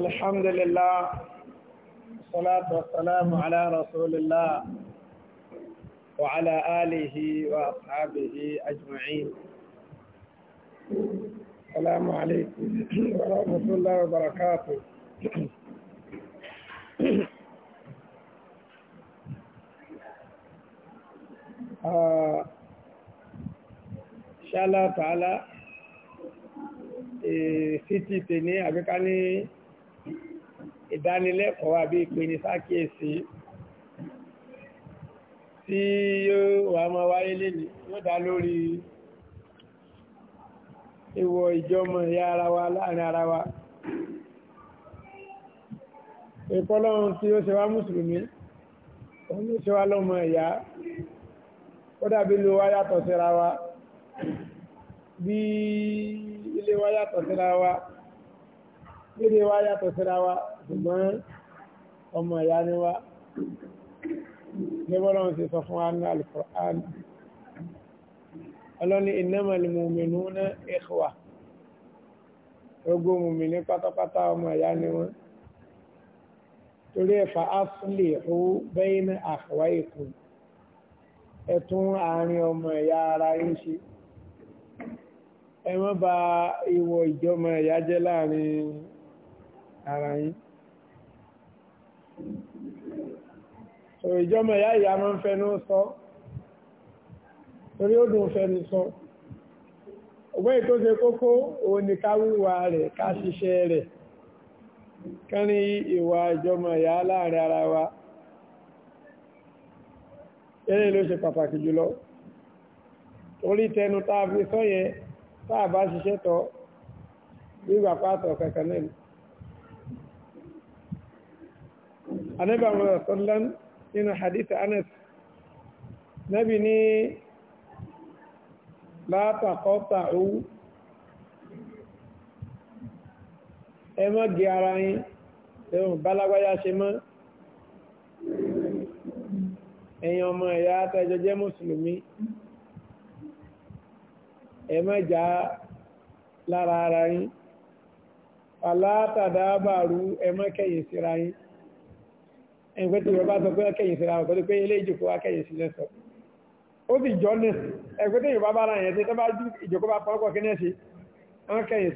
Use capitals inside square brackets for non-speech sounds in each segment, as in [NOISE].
الحمد لله والصلاة والسلام على رسول الله وعلى آله وأصحابه أجمعين السلام عليكم ورحمة الله وبركاته آه إن شاء الله تعالى fítì tèní àbíká ní ìdánilẹ́kọ̀ọ́ àbí ìpinnu sákìyèsí tí wà máa wáyé lẹ́ni yóò dá lórí ìwọ̀ ìjọmọ̀ ìyá ara wa láàrin ara wa ìpọ́lọ́run tí ó ṣe wá mùsùlùmí òun ló ṣe wá lọ́mọ ìyá ó dàbí ló wá yàtọ̀ síra wa bíi ìdílé wa yàtọ̀ síra wa ìdílé wa yàtọ̀ síra wa ṣùgbọ́n ọmọ ìyá ni wa níbọ̀lọ́ ṣe sọ fún anú al-Qur'an ọlọ́ni innamal mu'minuna ikhwa ogun mùmìnì pátápátá ọmọ ìyá ni wọ́n torí ẹ̀fà aslihu bayna akhawaykum ẹ̀tún àárín ọmọ ìyá ara yín ṣe ẹ má ba ìwọ̀ ìjọmọ ẹ̀yà jẹ́ láàrin ara so ìjọmọ ẹ̀yà ìyá máa ń fẹnu sọ torí ó dùn fẹnu sọ ọgbọ́n ètò ṣe kókó òun ni ká wíwà rẹ̀ ká ṣiṣẹ́ rẹ̀ kẹ́ni ìwà ìjọmọ ẹ̀yà láàrin ara wa eré ló ṣe pàtàkì jùlọ orí tẹnu tá a fi sọ yẹn tá a bá ṣiṣẹ́ tọ́ bí ìgbà pàtó kankan náà anábì àwọn ọ̀sọ́lán nínú hadith anas nábì ní látàkọ́ta owó ẹ má gé ara yín ẹ̀wọ̀n bálágbáyá ṣe mọ́ ẹ̀yin ọmọ ẹ̀yà tẹ́jọ mùsùlùmí ẹ má jà lára ara yín alátàdábàrú ẹ má kẹ̀yìn síra yín ẹgbẹ́ tí yorùbá sọ pé kẹ̀yìn síra ọ̀tọ́ tó pé ilé ìjòkó wa kẹ̀yìn sílẹ̀ sọ ó sì jọ náà ẹgbẹ́ tí yorùbá bá ra yẹn tí tó bá ju ìjòkó bá pọ́nkọ̀ kí náà ṣe wọ́n kẹ̀yìn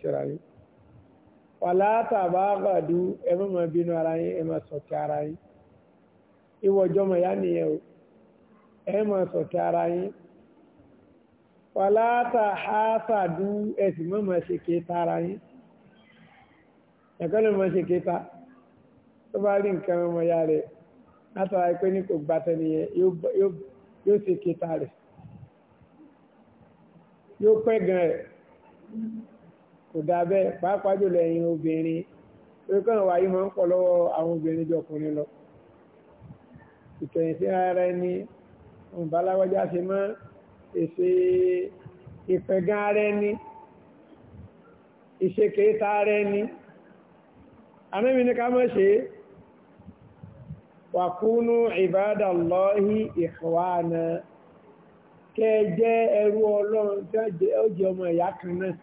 síra wọn wàláàtà bá gbàdú ẹ má máa bínú ara yín ẹ máa sọ̀kẹ́ ara yín ìwọ ọjọ́mọ ìyá nìyẹn o ẹ máa sọ̀kẹ́ ara yín wàláàtà hásàdú ẹ sì má máa ṣe kéta ara yín ẹ̀kọ́ ló máa ṣe kéta tó bá rí nǹkan ọmọ ìyá rẹ̀ látara pé ní kò gbàtẹ́ nìyẹn yóò ṣe rẹ̀ yóò pẹ́ gan rẹ̀ kò dáa bẹ́ẹ̀ pàápàá jùlọ ẹ̀yin obìnrin oríkọ́nà wáyé máa ń pọ̀ lọ́wọ́ àwọn obìnrin jọ ọkùnrin lọ ìkẹyìn sí ara ẹni ìbáláwọ́já ṣe mọ́ èsè ìpẹ̀gán ara ẹni ìṣekèéta ara ẹni anábì ní ká mọ́ ṣe wa kunu ibadallahi ikhwana kẹ́ jẹ́ ẹrú ọlọ́run tí ó jẹ́ ọmọ ìyá kan náà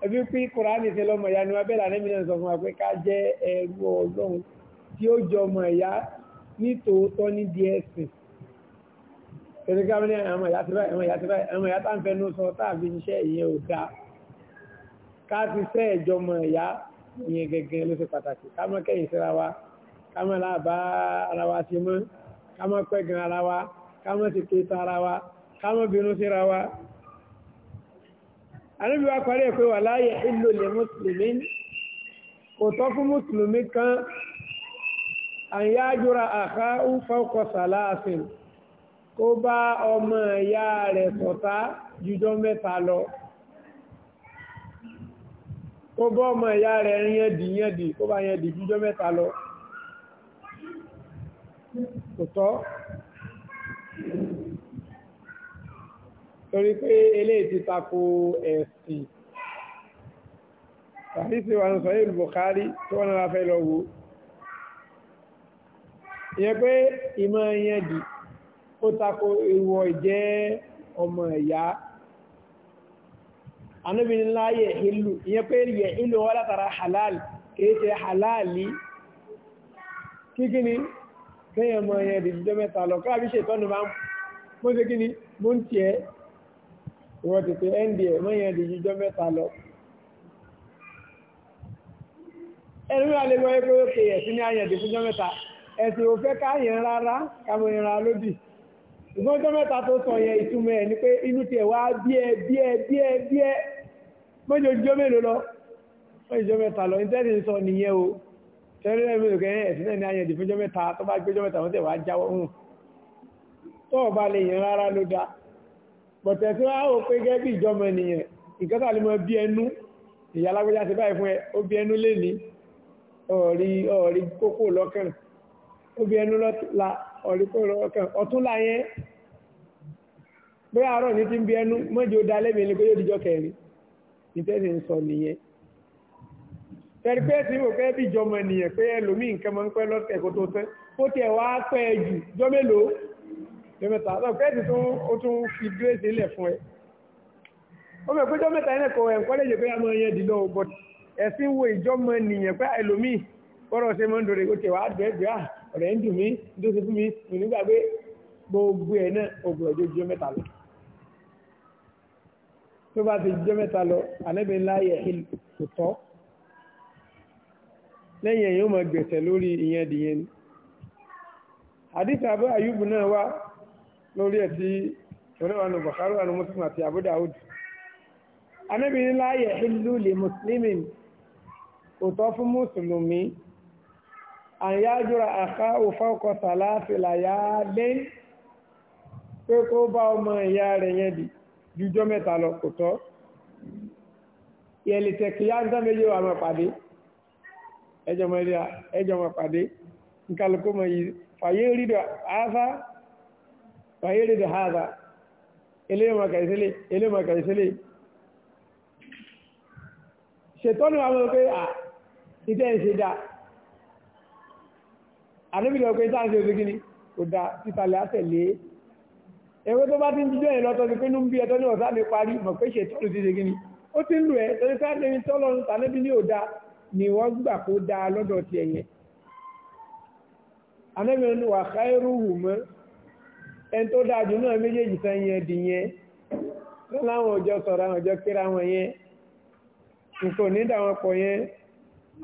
ẹbí pín kùránì sí lọ́mọ ìyá ni wọ́n bẹ̀rẹ̀ àrẹ́mìnà sọ fún wa pé ká jẹ́ ẹrú ọlọ́run tí ó jọ ọmọ ìyá nítòótọ́ ní di ẹ̀sìn tẹ̀lé ká ní àwọn ìyá tí báyìí àwọn ìyá tí báyìí àwọn ìyá tá ń fẹnu sọ táàbí iṣẹ́ ìyẹn ò dáa ká ti sẹ́ ká mọ́ pẹ́gàn ara wa ká mọ́ ti kéta ara wa ká mọ́ bínú síra wa àníbi wá parí ẹ̀ pé wà láàyè ìlò lè mùsùlùmí kò tọ́ fún mùsùlùmí kan àyájúra àká ń fọ́kọ̀ sàláàfin kó bá ọmọ ìyá rẹ̀ ṣọ̀tá jùjọ mẹ́ta lọ kó bá ọmọ ìyá rẹ̀ yẹ́dì yẹ́dì kó bá yẹ́dì jùjọ mẹ́ta lọ kò tọ́ torí pé eléyìí ti tako ẹ̀sìn tàbísí wa ń sọ yìí Bukhari tí wọ́n nára fẹ́ lọ wo ìyẹn pé ìmọ̀ yẹn dì ó tako ìwọ ìjẹ́ ọmọ ìyá anúbìnrin láyé ìlú ìyẹn pé yẹ ìlú wọ́n látara halal kìí ṣe halali kíkíní kéèyàn mọ̀ yẹn dì jọ mẹ́ta lọ káàbí ṣètọ́nù máa ń mú ṣe kíní mú ń tiẹ̀ wọ́n ti pe nda mọ́yàn di jíjọ́ mẹ́ta lọ. ẹnu àlẹ́ wọ́n yẹ pé ó pe ẹ̀sìn ní àyàn di fúnjọ́ mẹ́ta ẹ̀sìn ò fẹ́ káyàn rárá kámọ́ ìran lódì ṣùgbọ́n jọ́ mẹ́ta tó sọ yẹn ìtumọ̀ ẹ̀ ni pé inú tiẹ̀ wá bíẹ́ bíẹ́ bíẹ́ bíẹ́ mọ́jọ jíjọ́ mélòó lọ mọ́jọ mẹ́ta lọ ìtẹ́sì sọ nìyẹn o tẹ́lẹ̀ lẹ́yìn mélòó kẹ́yìn ẹ̀sìn náà ní àyàn di fúnjọ́ mẹ́ta tó bá gbé jọ́ mẹ́ta wọ́n tẹ̀ wá jáwọ́ hùn tó bọ̀tẹ̀ tí wọ́n á wò pé gẹ́gẹ́ bí ìjọmọ ènìyàn ìkẹ́ta lè mọ bí ẹnu ìyá alágbèjá ti báyìí fún ẹ ó bí ẹnu lé ní ọ̀rí kókó lọ́kàn ó bí ẹnu la ọ̀rí kókó lọ́kàn ọ̀tún la yẹn bí àárọ̀ ní ti ń bí ẹnu mọ́jì ó da lẹ́mìí ni pé yóò dijọ́ kẹrin ìtẹ́sí ń sọ nìyẹn tẹ̀rí pé tí wò pé bí ìjọmọ ènìyàn pé ẹlòmíì nǹkan máa ń pẹ́ lọ́sẹ̀ kó tó tán ó tiẹ̀ wá pẹ́ jù jọ́mélòó mẹ́ta náà kẹ́ẹ̀tì tó ó tún fi gírèsì ilẹ̀ fún ẹ ó mẹ́ péjọ mẹ́ta ẹ̀nẹ́ kọ̀ ẹ̀kọ́lẹ́jì pé a máa yẹn dì lọ́wọ́ but ẹ̀sìn wo ìjọ mọ nìyẹn pé ẹlòmíì bọ́rọ̀ ṣe máa ń dòrè òkè wàá dùn ẹ̀dùn ọ̀rẹ́ ń dùn mí ń dùn sí fún mi nígbàgbé gbogbo ẹ̀ náà ogun ọjọ́ jẹ́ mẹ́ta lọ tó bá ti jẹ́ mẹ́ta lọ ànábì ńlá yẹ kò tọ́ lẹ́yìn ẹ̀yìn ó mọ gbèsè lórí ìyẹn dìyẹn ni àdìsí àbẹ́ àyùbù náà wá lórí ẹ̀ tí oníwàánu Bukhari wà ní àti Abu Dawud anábì ní láàyè ìlú lè mùsùlùmí kò tọ́ fún mùsùlùmí àyájúra àká òfọ́kọ sàláfìlà yá dé pé kó bá ọmọ ìyá rẹ̀ yẹn dì jújọ́ mẹ́ta lọ kò tọ́ ìyẹ̀lìtẹ̀kì yá ń tán méjì wà mọ̀ pàdé ẹjọ́ mọ̀ pàdé nkálukú mọ̀ yìí fàyè rí áfá فيرد هذا إليما كيسلي إليما كيسلي ṣètọ́nù àwọn pé à ìtẹ́ ìṣe dáa àníbìlẹ̀ ọ̀pẹ́ ìtàṣe oṣù gíní kò dá títàlẹ̀ àtẹ̀lé ẹwẹ́ tó bá ti ń jíjọ́ ẹ̀ lọ́tọ́ ti pé ní ń bí ẹtọ́ ní ọ̀sá lè parí mọ̀ pé ṣètọ́nù ti ṣe gíní ó ti ń lù ẹ́ torí sáàdẹ̀mí tọ́lọ́ tàníbí ní ò dáa ni wọ́n gbà kó dáa lọ́dọ̀ ti ẹ̀yẹn ẹn tó dájú náà méjèèjì tán yẹn dì yẹn láwọn ọjọ́ sọ̀rọ̀ àwọn ọjọ́ kíra wọn yẹn nǹkan ní dáwọn pọ̀ yẹn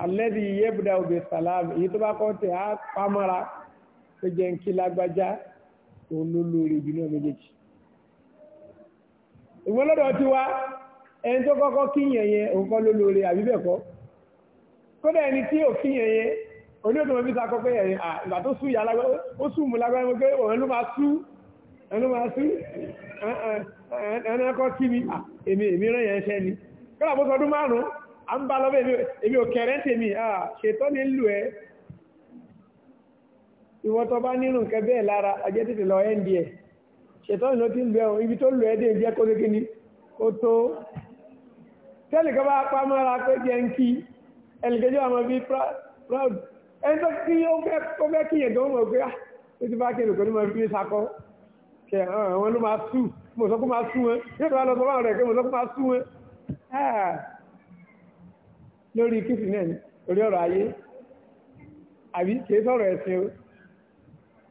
alẹ́bí yẹ́bùdá òbí sàlámù èyí tó bá kọ́ tẹ̀ á pamọ́ra tó jẹ́ ń kí lágbájá òun ló lórí ìbínú méjèèjì ìwọ́n lọ́dọ̀ ti wá ẹni tó kọ́kọ́ kíyàn yẹn òun kọ́ ló lórí àbí kódà ẹni tí ò kíyàn yẹn oní òtún mọ́bí sakọ́ pé ẹ̀yìn ìgbà tó sú ìyá lágbára ó sú mú lágbára pé òun ló máa sú ẹnu máa sí ẹnu ẹkọ́ kí mi èmi èmi rẹ̀ yẹn ṣẹ́ ni kọ́lá bó sọdún márùn a ń bá lọ́bẹ̀ èmi ò kẹrẹ́ tèmi ṣètọ́ ní lù ẹ́ ìwọ́n tó bá nínú nǹkan bẹ́ẹ̀ lára ajẹ́ tètè lọ ẹ́ ń di ẹ̀ ṣètọ́ ní ló ti ń lu ẹ̀hún ibi tó lù ẹ́ dé jẹ́ kó lékè ni kó tó tẹ́lẹ̀ kan bá pa mọ́ra pé jẹ́ ń kí ẹnìkejì àwọn bíi proud ẹni tó kí ó fẹ́ kíyẹ̀ tó mọ̀ pé ah, ó ti bá kí ẹnìkan ní mọ̀ fi sakọ́ kẹ àwọn ló máa sú mo sọ pé máa sú wọn yóò tó wá lọ sọ fáwọn rẹ̀ pé mo sọ pé máa sú wọn lórí kìsì náà orí ọ̀rọ̀ ayé àbí kìí sọ̀rọ̀ ẹ̀sìn o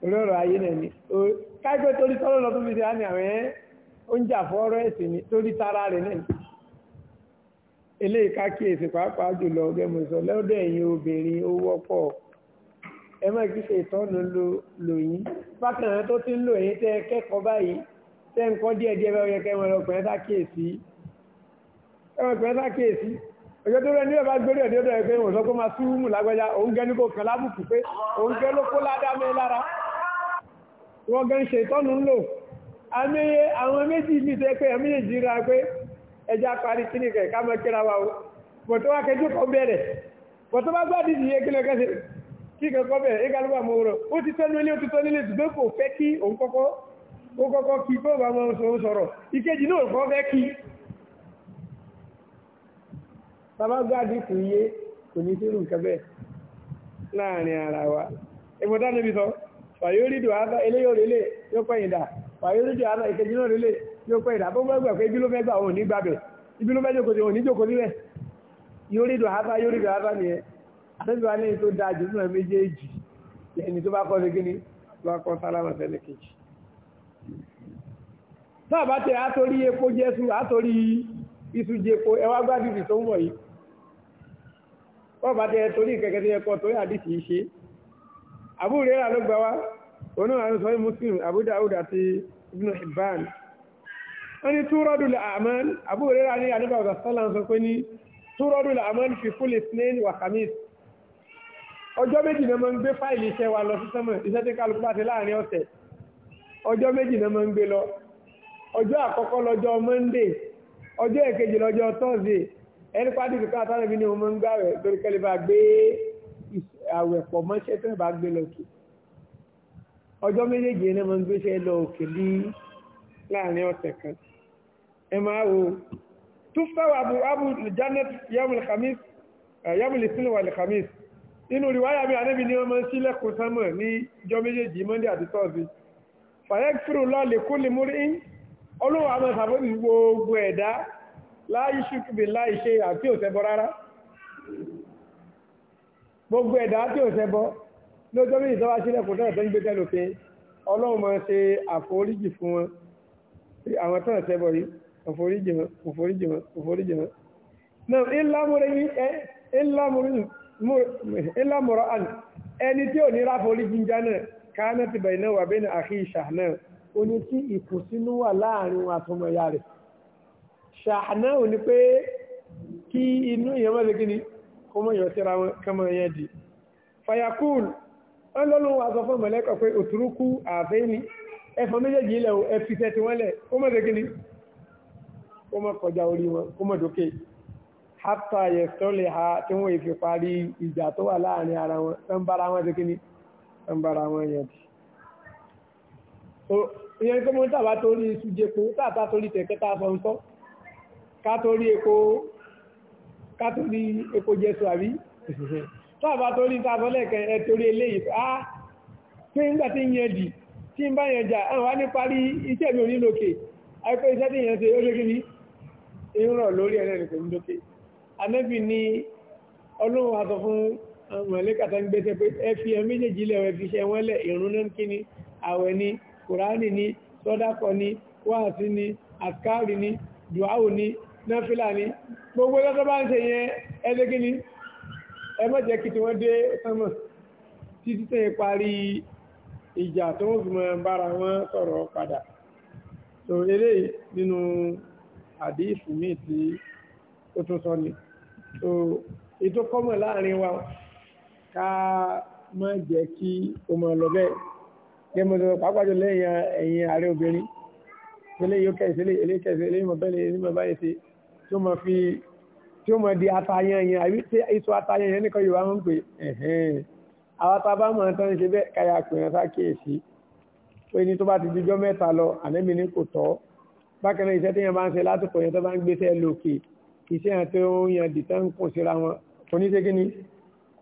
orí ọ̀rọ̀ ayé náà ni káìpẹ́ torí sọ́rọ̀ lọ tó fi ṣe á ní àwọn ẹ̀ ń jà fún ọ̀rọ̀ ẹ̀sìn ni torí tara rẹ̀ náà eléyìí ká kíyèsí pàápàá jùlọ ọgẹ́mọ̀sọ lọ́dọ̀ ẹ̀yin obìnrin ó wọ́pọ̀ ẹ má kí ṣe ìtọ́nù lò yín bákan náà tó ti ń lò yín tẹ́ kẹ́kọ̀ọ́ báyìí tẹ́ ń kọ́ díẹ̀ díẹ̀ bẹ́ẹ̀ kẹ́ wọn ọkùnrin sákèésí ẹwọn ọkùnrin sákèésí ọjọ́ tó rẹ ní ọba gbórí ọdẹ ọdọ ẹgbẹ́ ìwòsàn kó máa súnmù lágbájá òun gẹ́ ní kò kàn lábùkù pé òun gẹ́ ló kó ládámẹ́ lára wọ́n gẹ́ ń ṣe ìtọ́nù ń lò amẹ́yẹ àwọn méjì mi tẹ́ pé ẹ̀mí èjì pé ẹja parí kíníkẹ̀ ká mọ́ kíra wa o bọ̀tọ́ kẹjú kan bẹ̀rẹ̀ bọ̀tọ́ gbádìí yẹ kí lọ kẹsẹ̀ kí kankan bẹ̀rẹ̀ ìkàlùbà mọ́ ọ̀rọ̀ ó ti tọ́nú ilé ó ti tọ́nú ilé ṣùgbọ́n kò fẹ́ kí òun kọ́kọ́ ó kọ́kọ́ kí tó bá wọn sọ sọ̀rọ̀ ìkejì náà kọ́ fẹ́ kí bàbá gbáàdì kò yé kò ní sí nǹkan bẹ́ẹ̀ láàrin ara wa ìmọ̀tá níbi sọ fàyórídò àbá eléyò rélé yóò pẹ́ ìdá fàyórídò àbá ìkejì náà rélé yóò pẹ́ ìdá bọ́gbọ́n gbà pé ibi ló fẹ́ gbà òun ní gbàbẹ̀ ibi ló fẹ́ jókòó sí òun ní jókòó sílẹ̀ yórídò àbá yórídò àbá nìyẹn àdébíwá ní tó dáa jù nínú méjèèjì ẹni tó bá kọ́ sí kíní tó bá kọ́ sálámà sẹ́lẹ̀ kejì tó àbá tẹ̀ àtórí epo jésù àtórí iṣu jẹpo ẹwà gbádùn tó ń wọ̀ yìí tó àbá tẹ̀ torí kẹ̀kẹ́ tó yẹ kọ́ tó yà dìtì í ṣe àbúrò rẹ̀ ló gbà wá onú Abu Dawud ni túrọ́dùlẹ̀ àmán àbúrò rẹ̀ ní àdúgbà ọ̀sán sọ́lá sọ pé ní fi fúlẹ̀ snail wa khamis ọjọ́ méjì náà máa ń gbé fáìlì iṣẹ́ wa lọ sí sánmọ̀ iṣẹ́ tí kálukú bá ti láàrin ọ̀sẹ̀ ọjọ́ méjì náà máa ń gbé lọ ọjọ́ àkọ́kọ́ lọ́jọ́ monday ọjọ́ èkejì lọ́jọ́ thursday ẹni pàdé kíkọ́ àtàlẹ́ mi ni mo máa ń gbàwẹ̀ torí kẹ́lẹ́ bá gbé àwẹ̀ pọ̀ mọ́ṣẹ́ tó bá gbé lọ òkè ọjọ́ méjèèjì náà abu abu janet yamul khamis eh, yamul islam wal khamis inú ríwáyà mi ànábì ní ọmọ sílẹ̀kùn sánmọ̀ ní jọ méjèèjì monday àti thursday fàyẹ́kìfìrù lọ́ọ̀lẹ̀ kó lè múrí ń olóhùn àmọ́ sàfóòsì gbogbo ẹ̀dá láì ṣùkùbì láì ṣe àti òṣẹbọ rárá gbogbo ẹ̀dá àti òṣẹbọ ní ọjọ́ méjì tó bá sílẹ̀kùn sánmọ̀ tó ń gbé tẹ́lópe ọlọ́run máa ṣe àforíjì fún wọn àwọn tó ń ṣẹbọ yìí àforíjì ilá mọ̀rọ̀ àn ẹni tí ò ní ráfà orí jíjá náà káánà ti bẹ̀rẹ̀ náà wà bẹ́ẹ̀ ní àfi ìṣà náà ó ní tí ìkùnsínú wà láàrin àtọmọ ìyá rẹ̀ ṣàà náà ò ní pé kí inú ìyẹn mọ́ lẹ́gbẹ̀ẹ́ ni kó mọ́ yọ síra wọn kọ́mọ yẹn di fayakul ọlọ́lọ́wọ́ aṣọ fún mọ̀lẹ́kọ̀ pé òtúrúkú àfẹ́ni ẹfọ méjèèjì ilẹ̀ ẹfisẹ́ ti wọ́n lẹ̀ kó mọ́ lẹ́gbẹ̀ẹ́ ni kó mọ́ kọjá orí wọn kó mọ́ dókè hátà yẹ̀tọ́lẹ̀ ha tí wọ́n ìfi parí ìjà tó wà láàrin ara wọn tán bára wọn ti kí ní tán bára wọn yẹn tí ìyẹn tó mọ́ tàbá torí iṣu jẹ́po tàbá torí tẹ̀kẹ́ta fọ́ntọ́ ká torí epo ká torí epo jẹ́sù àbí [LAUGHS] tàbá torí tàbọ́lẹ̀kẹ́ ẹ torí lórí ẹ̀rẹ́ nìkan ní lókè anẹ́bì ni ọlọ́run àtọ̀ fún eh, mọ̀lẹ́kàtà ń gbẹ́sẹ̀ pé ẹ fi ẹ méjèèjì lẹ̀ ẹ fi ṣe wọ́n lẹ̀ ìrún náà kí ni àwẹ̀ ni kùránì ni sọ́dákọ̀ ni wáàsí ni àkárì ni dùáwò ni náfílà ni gbogbo lọ́tọ́ bá ń ṣe yẹn ẹgbẹ́ kí ni ẹ kí tí wọ́n dé sánmọ̀ títí tẹ́ parí ìjà tó ń fìmọ̀ bára wọn sọ̀rọ̀ padà so eré nínú àdífù míì tí ó tún sọ ni so ètò kọ́mọ̀ láàrin wa ká má jẹ́ kí o mọ̀ lọ bẹ́ẹ̀ gẹ́gbẹ́ tó pàápàá jù lẹ́yìn ẹ̀yìn ààrẹ obìnrin ilé yóò kẹ́sì ilé ilé kẹ́sì ilé ìmọ̀ bẹ́ẹ̀ ilé ìmọ̀ báyìí ṣe tí ó mọ̀ fi tí ó mọ̀ di atayan yẹn àbí tí ètò atayan yẹn nìkan Yorùbá ń pè ẹ̀hẹ́n àwọn tá a bá mọ̀ tán ṣe bẹ́ẹ̀ káyà pè wọn sákèèsí pé ní tó bá ti dijọ́ mẹ́ta lọ ànẹ́mi ní kò tọ́ bákan náà iṣẹ́ tí yẹn bá ń ṣe látòkò yẹn tó bá ń gbéṣẹ́ lókè iṣẹ́ àti oyan dìtẹ́ ń kùn síra wọn kò ní ṣégé ní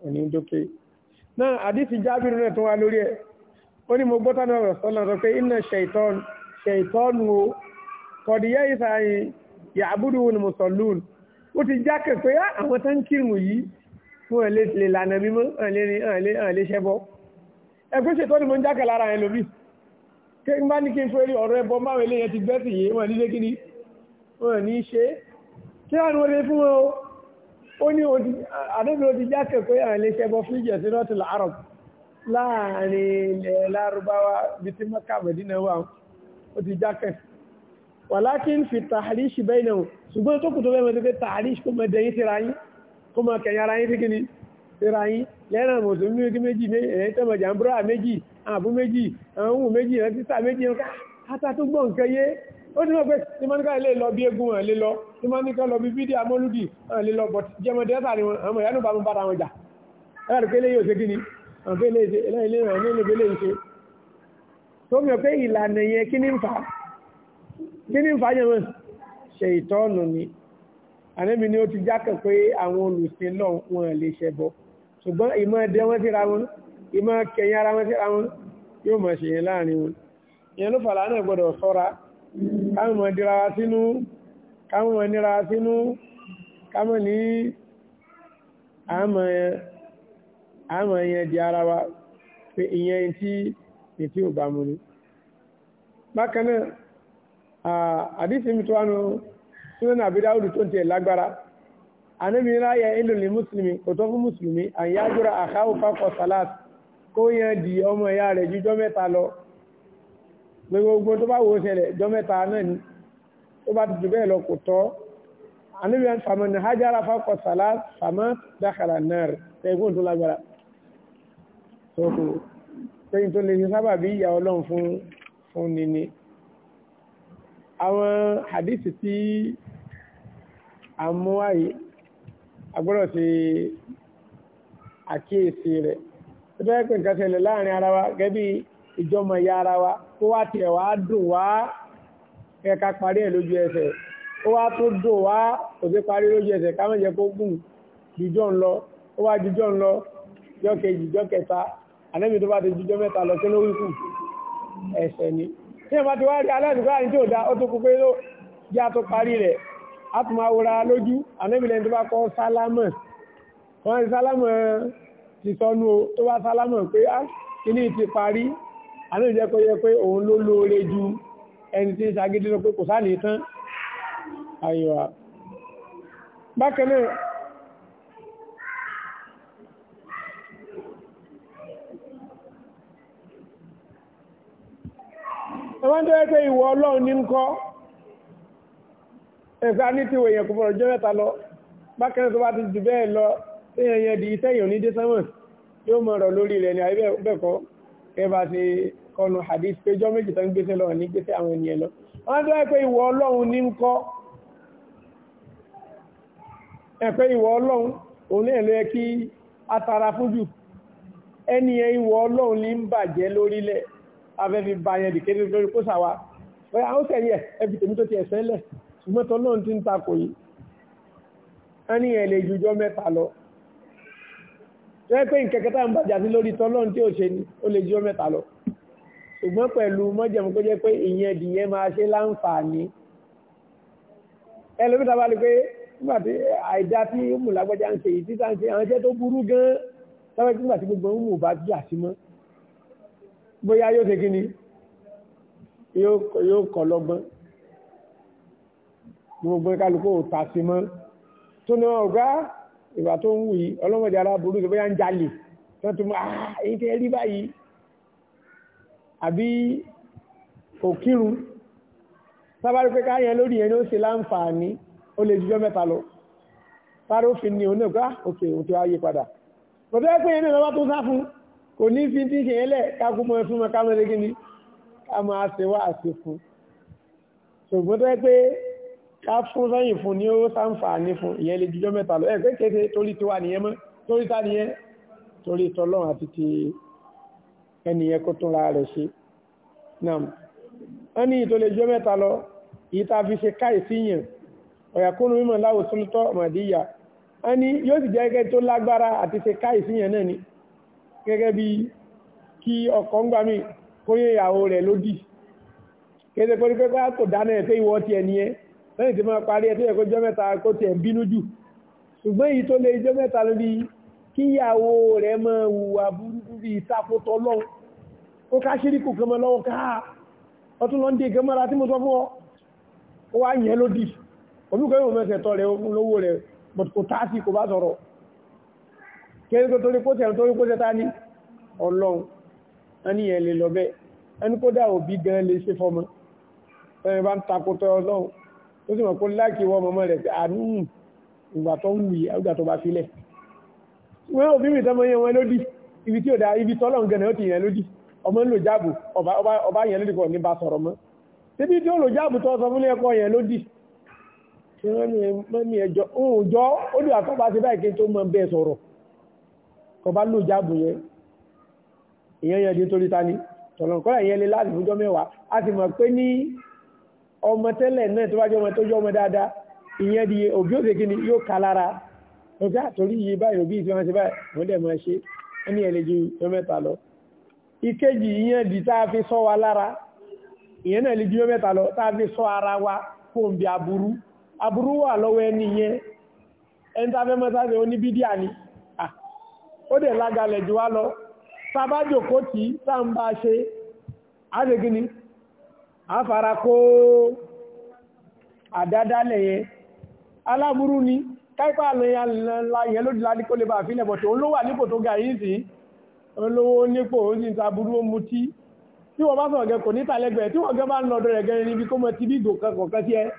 kò ní dókè náà àdífi jábìrì náà tó wá lórí ẹ̀ ó ní mo gbọ́tà náà rọ̀ sọ́nà sọ pé iná ṣèitọ́n ṣèitọ́n o kọ̀díyẹ́ ìsàyìn yàbúrú ni mo sọ lóun ó ti jákè pé àwọn tó ni mo kí n bá ní kí n fẹ́ rí ọ̀rọ̀ ẹ̀bọ máwọn eléyẹ ti gbẹ́sì yìí wọ́n ní ṣe ni wọ́n tí wọ́n wọlé fún wọn ó ní àdébìnrin odi jákè pé àwọn ilé ṣẹbọ fún ìjẹ sí rọtù làárọ láàrin ilẹ̀ lárúbáwá bí tí mọ́kà mẹ́dínà wà ó ti jákè wàlákín fi tàhàríṣì bẹ́ẹ̀ náà ṣùgbọ́n tó kù tó bẹ́ẹ̀ mọ́ ti pé tàhàríṣì kó mọ́ dẹ̀yìn síra yín kó mọ́ kẹ̀yìn yín sí kíni síra yín lẹ́nà mùsùlùmí méjì méjì ẹ̀yìn tẹ́mọ̀ jàǹbúrà méjì àbú méjì àwọn ohun méjì ẹ̀yìn ó ní wọ́n pé ìmọ̀níká ilé lọ bí egun hàn lé lọ ìmọ̀níká lọ bí bídí amọ́lúdì hàn lọ bọ̀t jẹmọdé ẹ́sà ni wọn àwọn ìyanu bá mú bára wọn jà ẹ̀rọ rẹ̀ pé eléyìí ò ṣe kí ni àwọn pé eléyìí eléyìí ìlú ṣe tó mi pé ìlànà yẹn kí ni ń fa kí ni ń fa yẹn mọ̀ ṣe ìtọ́nù ni ànẹ́mi ni ó ti jákàn pé àwọn olùsìn lọ wọn lè ṣẹbọ ṣùgbọ́n ìmọ̀ ẹ̀dẹ́ wọn síra wọn ìmọ̀ kẹyìn ara wọn síra wọn yóò mọ̀ ṣèyẹn láàrin wọn ìyẹn ló fà lánàá gbọ́dọ̀ ṣọ́ra kámọ̀ dirawa sínú kámọ̀ nirawa sínú kámọ̀ ní àmọ̀ yẹn di ara wa pé ìyẹn tí ètí ò bá mú ní bákan náà àdísìmí tó wánú súnmọ́nà àbídáwùdù tó ń tẹ̀ lágbára anábìnrin láyẹ ilòlè mùsùlùmí kò fún mùsùlùmí àyájúra àkáwò fákọ̀ salat kó yẹn di ọmọ ìyá rẹ̀ jíjọ́ mẹ́ta lọ gbogbo ogun tó bá wo ṣẹlẹ̀ jọ mẹ́ta náà ni tó bá ti jù bẹ́ẹ̀ lọ kò tọ́ àníbi àwọn fàmọ́ ní hajjara fákọ̀ sàlá fàmọ́ dákàrà náà rẹ̀ tẹ́gbọ́n tó lágbára tókò tẹ́yìn tó lè ṣe sábà bí ìyà ọlọ́run fún fún nini àwọn hadith tí a mú wáyé agbọ́dọ̀ ti àkíyèsí rẹ̀ tó bẹ́ẹ̀ pé láàrin ara gẹ́bí ìjọmọ̀ ìyá ara wa kó wá tiẹ̀ wá dùn wá ẹ̀ka parí ẹ̀ lójú ẹsẹ̀ ó wá tó dùn wá òde parí lójú ẹsẹ̀ ká mọ̀ jẹ́ kó gùn jíjọ́ ń lọ ó wá jíjọ́ ń lọ jọ́ kejì jọ́ kẹta àlẹ́mi tó bá ti jíjọ́ mẹ́ta lọ sí lórí kù ẹsẹ̀ ni tí ìbá ti wá rí aláìsíkọ́ àyín tí ò dá ó tó kú pé ló jẹ́ àtó parí rẹ̀ á tún máa wọra lójú àlẹ́mi lẹ́ni tó bá kọ́ sálámọ̀ wọ́n ti sálámọ̀ ti sọnù o tó bá sálámọ̀ pé á ah, kíní ti parí àmì ìjẹ́ kó yẹ pé òun ló lóore ju ẹni tí ń sagídí lọ pé kò sáà nìí tán àyíwá bákanáà ẹwọ́n tó yẹ pé ìwọ ọlọ́run ní ń kọ́ ẹ̀fà ní ti wòyẹ̀ kò fọ̀rọ̀ jẹ́ mẹ́ta lọ bákanáà tó bá ti jù bẹ́ẹ̀ lọ téèyàn yẹn di iṣẹ́ èèyàn ní dé sánmọ̀ yóò mọ̀ ọ̀rọ̀ lórí rẹ̀ ní àyíbẹ̀kọ́ kẹfà sí kọ́nu hadith péjọ́ méjì tó ń gbéṣẹ́ lọ ní gbéṣẹ́ àwọn ènìyàn lọ wọ́n tó pé ìwọ ọlọ́run ní ń kọ́ ẹ̀pẹ́ ìwọ ọlọ́run òun náà ló yẹ kí atara fújù ẹniyẹn ìwọ ọlọ́run ní ń bàjẹ́ lórílẹ̀ afẹ́fi ba yẹn dìkéde lórí kó sàwà bóyá ó sẹ̀rí pé nkẹkẹta ń bàjẹ́ sí lórí tọ́lọ́run tí ò ṣe ni ó lè jujọ́ mẹ́ta lọ ṣùgbọ́n pẹ̀lú mọ́jẹ̀mú kó jẹ́ pé ìyẹn dìyẹn máa ṣe láǹfààní ẹlòmíta bá lè pé nígbàtí àìdá tí mù lágbájá ń ṣe yìí títà ń ṣe àwọn iṣẹ́ tó burú gan sáwẹ́ tí nígbàtí gbogbo mù bá jà sí mọ́ bóyá yóò ṣe kíni yóò kọ́ lọ́gbọ́n gbogbo kálukú ò ta sí mọ́ tó ní ọ̀gá ìwà tó ń wù yìí ọlọ́mọdé aláburú tó bóyá ń jalè tó tún mọ́ ah èyí tẹ́ rí báyìí àbí òkírun sábàrí pé káyẹ lórí ẹni ó ṣe láǹfààní ó lè jíjọ́ mẹ́ta lọ sáré òfin ni òun náà gbá òkè òun tí wá yí padà kò tẹ́ pé ẹni lọ́wọ́ tó sá fún kò ní fi tí ṣe yẹlẹ̀ kákú mọ́ fún mọ́ kámọ́ lé kíni ká máa ṣe wá àṣe fún ṣùgbọ́n tẹ́ pé ká fún sẹ́yìn fún ni ó sáǹfààní fún ìyẹn lè jíjọ́ mẹ́ta lọ ẹ̀ pé kéde torí tiwa nìyẹn mọ́ torí ta nìyẹn torí tọlọ́run àti ti ẹnìyẹn kó tún ra rẹ̀ ṣe náà wọ́n ní ìtò lè jọ mẹ́ta lọ èyí tá a fi ṣe káìsí yàn ọ̀yàkúnnú mímọ̀ láwùsùn tọ́ ọ̀mọ̀díyà wọ́n ní yóò sì jẹ́ gẹ́gẹ́ tó lágbára àti ṣe káìsí yàn náà ni gẹ́gẹ́ bí kí ọkọ ń gbà mí kóyè ìyàwó rẹ̀ lódì kéde pé pé kò dáná ẹ̀ pé ìwọ tiẹ̀ nìyẹn lẹ́yìn tí máa parí ẹ̀ tó yẹ kó jọ mẹ́ta kó tiẹ̀ bínú jù ṣùgbọ́n èyí tó lè jọ mẹ́ta lórí kíyàwó rẹ̀ mọ́ wùwà burúkú bí ìtakòtọ̀ lọ́wọ́ ó ká ṣe ríkù kan mọ́ lọ́wọ́ káà ọtún lọ ń dé gẹ́mọ́ra tí mo sọ fún ọ ó wá yẹn lódì olúkọ́ yóò mẹ́sẹ̀ but kò tá sí kò bá sọ̀rọ̀ kéré tó torí kóṣẹ̀ torí kóṣẹ̀ tá ní ọlọ́run ẹni yẹn lè lọ bẹ́ẹ̀ ẹni kó dà òbí gan lè ìgbà tó ń wù ìgbà tó bá filẹ̀ wọ́n rò bíbí ìtọ́mọ yẹn wọn lódì ibi tí ò da ibi tọ́lọ̀ ń gẹ̀nà ó ti yẹn lódì ọmọ ń lò jáàbù ọba yẹn lódì kọ̀ ní bá sọ̀rọ̀ mọ́ tẹ́bí tí ó lò jáàbù tó sọ fúnlé ẹ̀kọ́ yẹn lódì mọ́mí ẹjọ́ òòjọ́ ó lè àtọ́bá ti báyìí kí n tó mọ bẹ́ẹ̀ sọ̀rọ̀ kọ bá lò jáàbù yẹn ìyẹn yẹn di torí ta ni tọ̀lọ̀ kọ́lá yẹn lé láti fúnjọ́ mẹ́wàá a ti mọ̀ pé ní di òbí ni yóò ẹgbẹ́ àtòrí yìí báyìí òbí tí wọ́n ti báyìí wọ́n dẹ̀ máa ṣe é ní ẹ̀lẹ́ ju yọ mẹ́ta lọ ìkejì ìyẹn di tá sọ wa lára ìyẹn náà lè ju yọ lọ tá sọ ara wa kó bí aburú aburú wà lọ́wọ́ ẹni yẹn ẹni tá mọ́ta ṣe oní bídíà ni ó dẹ̀ lágalẹ̀ jù wá lọ sábàjò kó tì í tá n bá ṣe á ṣe kí ni á fara kó àdádálẹ̀ yẹn aláburú ni káípà àlàyé ló dìlá ní kó lè bá àfilẹ̀ bọ̀tọ̀ òun ló wà nípò tó ga yìí sí olówó nípò ó sì ń ta burú mu tí tí wọ́n bá sọ̀rọ̀ gẹ kò níta lẹ́gbẹ̀ẹ́ tí wọ́n gẹ bá ń lọ dọ̀rẹ̀ gẹrin níbi kó mọ ti bí gòkan kọ̀ọ̀kan sí ẹ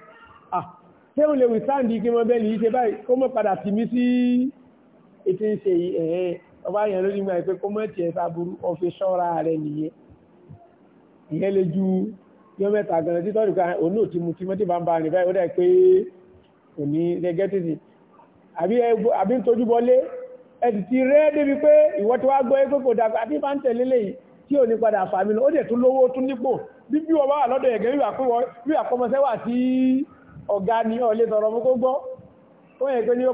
ṣé òun lè wí sáǹdì kí wọ́n bẹ́ẹ̀ lè yí ṣe báyìí kó mọ̀ padà tì mí sí ètò ìṣe ẹ̀ẹ́ ọba yẹn ló ní gbà pé kó mọ̀ tiẹ̀ ta burú ọ̀fẹ́ ṣọ́ra rẹ̀ nìyẹn ìyẹn lè ju yọ mẹ́ta gan títọ́ ìgbà òun náà ti mu tí mọ́tì bá ń ba rìn báyìí ó dà pé òní gẹ́gẹ́ àbí ń tojú bọlé ẹ̀sì ti rẹ́ débi pé ìwọ́ tí wá gbọ́ ẹgbẹ́ kò dàgbà àti bá ń tẹ̀lé lẹ́yìn tí ò ní padà fàmí lọ ó dẹ̀ tún lówó tún nípò bí bí wọ́n bá wà lọ́dọ̀ ẹ̀gẹ́ bí àkọmọṣẹ́ ni ọ̀lẹ́ tọrọ mú kó gbọ́ ó yẹ pé ní ó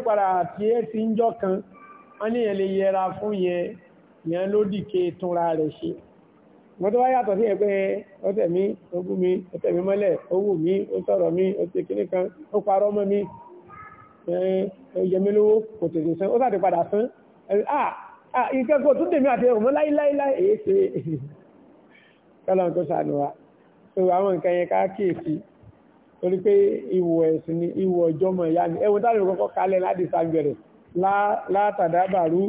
wá yàtọ̀ sí ẹgbẹ́ ọtẹ̀ mi ogún mi ọtẹ̀ mi mọ́lẹ̀ owó mi ó sọ̀rọ̀ mi ó ti kíní kan ó parọ́ mọ́ mi ẹyẹmí lówó kò tètè san ó sàti padà san ìkẹ́kọ̀ọ́ tún tèmi àti ẹ̀rùn mọ́ láíláíláí èyí ṣe [LAUGHS] kọ́lọ́n tó sànù wa so àwọn nǹkan yẹn ká kíyèsí torí pé ìwọ̀ ẹ̀sìn ni ìwọ̀ ọjọ́mọ̀ ìyá mi ẹ̀wọ̀n táwọn ìkọ̀kọ̀ kalẹ̀ láti sàgbẹ̀rẹ̀ látàdábàrú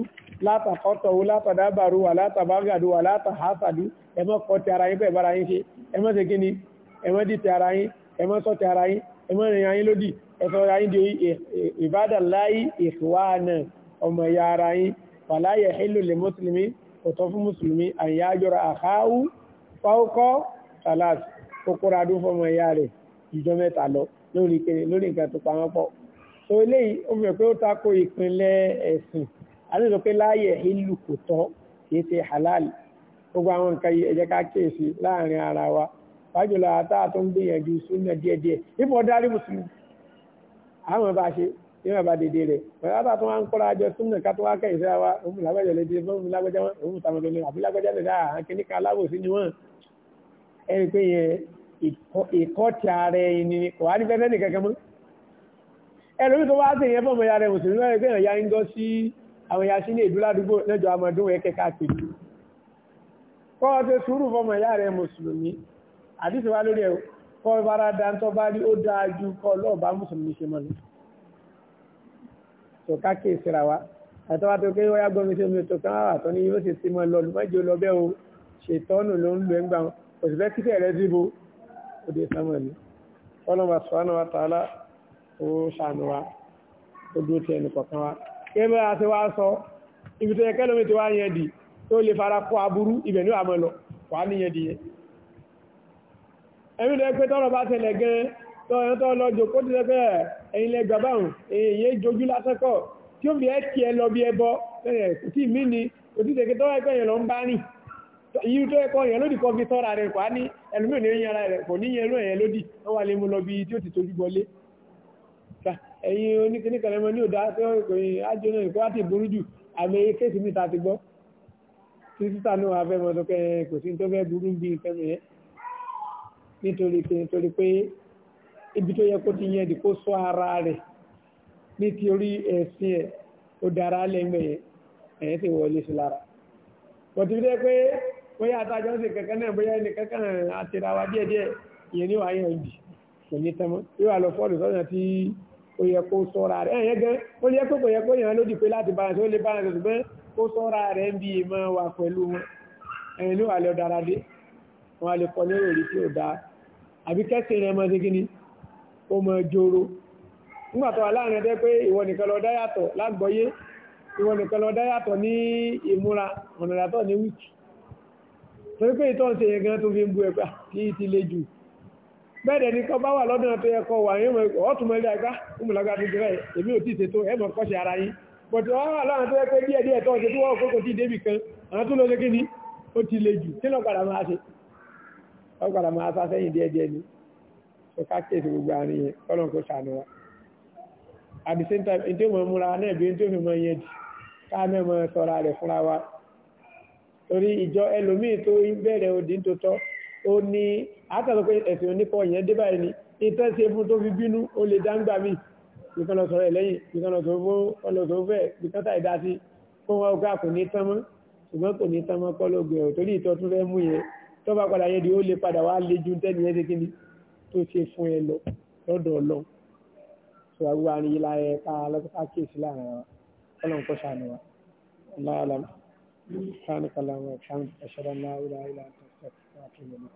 látàkọ́tọ̀wó látàdábàrú wà látàbágàdú wà látàhásàdú ẹmọ́ kọ́ ti ara yín pẹ̀ bára yín ṣe ẹmọ́ ṣe kíni ẹmọ́ dì ti ara yín ẹmọ́ sọ ti ara yín ẹmọ́ rìnrìn ayín lódì ẹ̀fẹ́ ra yín di ibadallahi ikhwana ọmọ ìyá ara yín fala yahillu lil mùsùlùmí kò tọ́ fún mùsùlùmí an ya'jura akhahu fawqa salas kókóra dún fọmọ ìyá rẹ̀ ìjọ mẹ́ta lọ lórí kéré lórí nǹkan tó pamọ́ pọ̀ so eléyìí ó fi hàn pé àwọn bá ṣe ìwọ̀n bá dédé rẹ̀ pẹ̀lú àbá tó wá ń kọ́ra àjọ súnmọ̀ ká tó wá kẹ́ ìfẹ́ wa òun lágbẹ́jọ lè dé fún lágbẹ́jọ wọn òun tàbí lè àbí lágbẹ́jọ lè dá àwọn kìnnìkan aláwò sí ni wọ́n ẹni pé yẹn ìkọ́ ti ààrẹ ni kò wá ní fẹ́ sẹ́nì kankan mọ́ ẹlòmí tó wá sí ìyẹn fún ọmọ ya rẹ̀ mùsùlùmí náà pé ìyá ń gọ́ sí àwọn ìyá sí ní ìdúrà àdúgbò lẹ́jọ́ amọ̀dún kọ́ bára dáńtọ́ bá rí ó dáa ju kọ́ lọ́ọ̀bá mùsùlùmí ṣe mọ́ ni tó káàkì ìsira wa àti wá tó ké wáyà gbọ́mi sí omi tó kán wà tó ní yóò sì ti mọ́ lọ́nu mọ́jọ lọ o ṣètọ́nù ló ń lo ẹgbà wọn òsì fẹ́ kíkẹ́ rẹ síbo ó dé sánmọ̀ ni ọlọ́mọ sọ́nà wa tààlà ó ṣàánú wa ó dúró ti ẹnì kọ̀ọ̀kan wa. kébé a ti wá sọ ibi tó yẹ kẹ́lómi ti wá yẹn di tó lè fara kó aburú ibẹ̀ ní ẹ̀rí lọ pé tọ́rọ bá tẹ̀lẹ̀ gan tọ́rọ tọ́ lọ jò kó ti lẹ́pẹ́ ẹ̀yìn lẹ gbàbáhùn èyí jojú lásẹ́kọ̀ tí ó bí ẹ́ ti ẹ lọ bí ẹbọ kò tí mí ni kò tí tẹ̀kẹ́ tọ́rọ ẹgbẹ́ yẹn lọ ń bá rìn yìí tó ẹkọ yẹn lódì kan fi tọ́ra rẹ̀ kwá ní ẹlòmíì ní yẹn ara rẹ̀ kò ní yẹn lóyẹn lódì wọ́n wà lè mú lọ bí tí ó ti tojú bọlé ẹ̀yin oníkíní kan lẹ́mọ ní òdá pé ọkùnrin ájọ náà kó láti burú jù àmì kéèsì mi ta ti gbọ́ tí títà náà wà fẹ́ mọ́ tó kẹ́ kò sí tó fẹ́ burú bí nǹkan mìíràn nítorí pé nítorí pé ibi tó yẹ kó ti yẹn dì kó sọ ara rẹ̀ nítorí ẹ̀sìn ẹ̀ ó dára lẹ́gbẹ̀ yẹn ẹ̀yẹ́ sì wọlé sí lára bọ̀tí bí pé bóyá àtàjọ́ sí kankan náà bóyá ẹni kankan àtìrawa díẹ̀díẹ̀ ìyẹn ní wàá yàn jì kò ní tẹ́mọ́ yóò wà lọ fọ́ọ̀lù sọ́nà tí ó yẹ kó sọ́ra rẹ̀ ẹ̀yẹ́ gan ó yẹ kó kò yẹ kó yàn lódì pé láti bá ó lè bá ṣùgbọ́n kó sọ́ra rẹ̀ ń bí ìmọ̀ wà pẹ̀lú wọn ẹ̀yìn ní wà lọ dára dé wọn lè kọ ní òrí tí ò dáa àbí kẹ́sì rẹ̀ mọ́ sí kí ni ó mọ́ jóró nígbàtọ̀ aláàrin ẹ̀dẹ́ pé ìwọ nìkan lọ dáyàtọ̀ lágbọ́yé ìwọ nìkan lọ dáyàtọ̀ ní ìmúra ọ̀nàdàtọ̀ ní wíkì torí pé ìtọ́ ṣe yẹn gan tó fi ń bu ẹ̀pà kí ti le jù bẹ́ẹ̀dẹ̀ ní kọ́ bá wà lọ́dún tó yẹ kọ wà ní ọ̀túnmọ̀ ilé àgbá ọmọlágbá tó jẹ́ èmi ò tí ì ṣètò ẹ̀mọ̀ kọ́ṣẹ́ ara yín bọ̀tí wọ́n wà lọ́dún tó yẹ pé díẹ̀díẹ̀ tó ṣe tó wọ́n kókò tí ì débì kan àwọn tó lọ sí kí ni ó ti le jù kí lọ́kàdà máa ṣe ọgbàrà máa sá sẹ́yìn díẹ̀díẹ̀ ni so káàkiri gbogbo àárín yẹn kọ́lọ̀ kó sànú wa at the same time ètò ìmọ̀ múra náà bí ètò ìmọ̀ yẹn jù káàmẹ́ mọ́ sọ́ra rẹ̀ fúnra wa torí ìjọ ẹlòmíì tó bẹ̀rẹ̀ òdì tó tọ́ ó ní àtàlọ́ pé ẹ̀sìn onípọ̀ yẹn dé báyìí ni ìtẹ́ ṣe fún tó fi bínú ó lè dáńgbà mí nìkan lọ sọ̀rọ̀ ẹ̀ lẹ́yìn nìkan lọ sọ̀rọ̀ fẹ́ nìkan tàì dá sí fún wọn gbà kò ní tán mọ́ ṣùgbọ́n kò ní tán mọ́ kọ́ lóògùn ẹ̀ torí ìtọ́ tún fẹ́ mú yẹn tó bá padà yẹ́dì ó lè padà wá lè ju tẹ́ni yẹn kíni tó ṣe fún ẹ lọ lọ́dọ̀ lọ sọ àgbà àrìn ilá ẹ ká lọ́kọ́ká láàrin wa ọlọ́run kọ́ sànù wa láàlám sànù kàlámù ẹ̀ṣẹ̀ dáná ìlà ìlà tó ṣe fún àkíyèmí.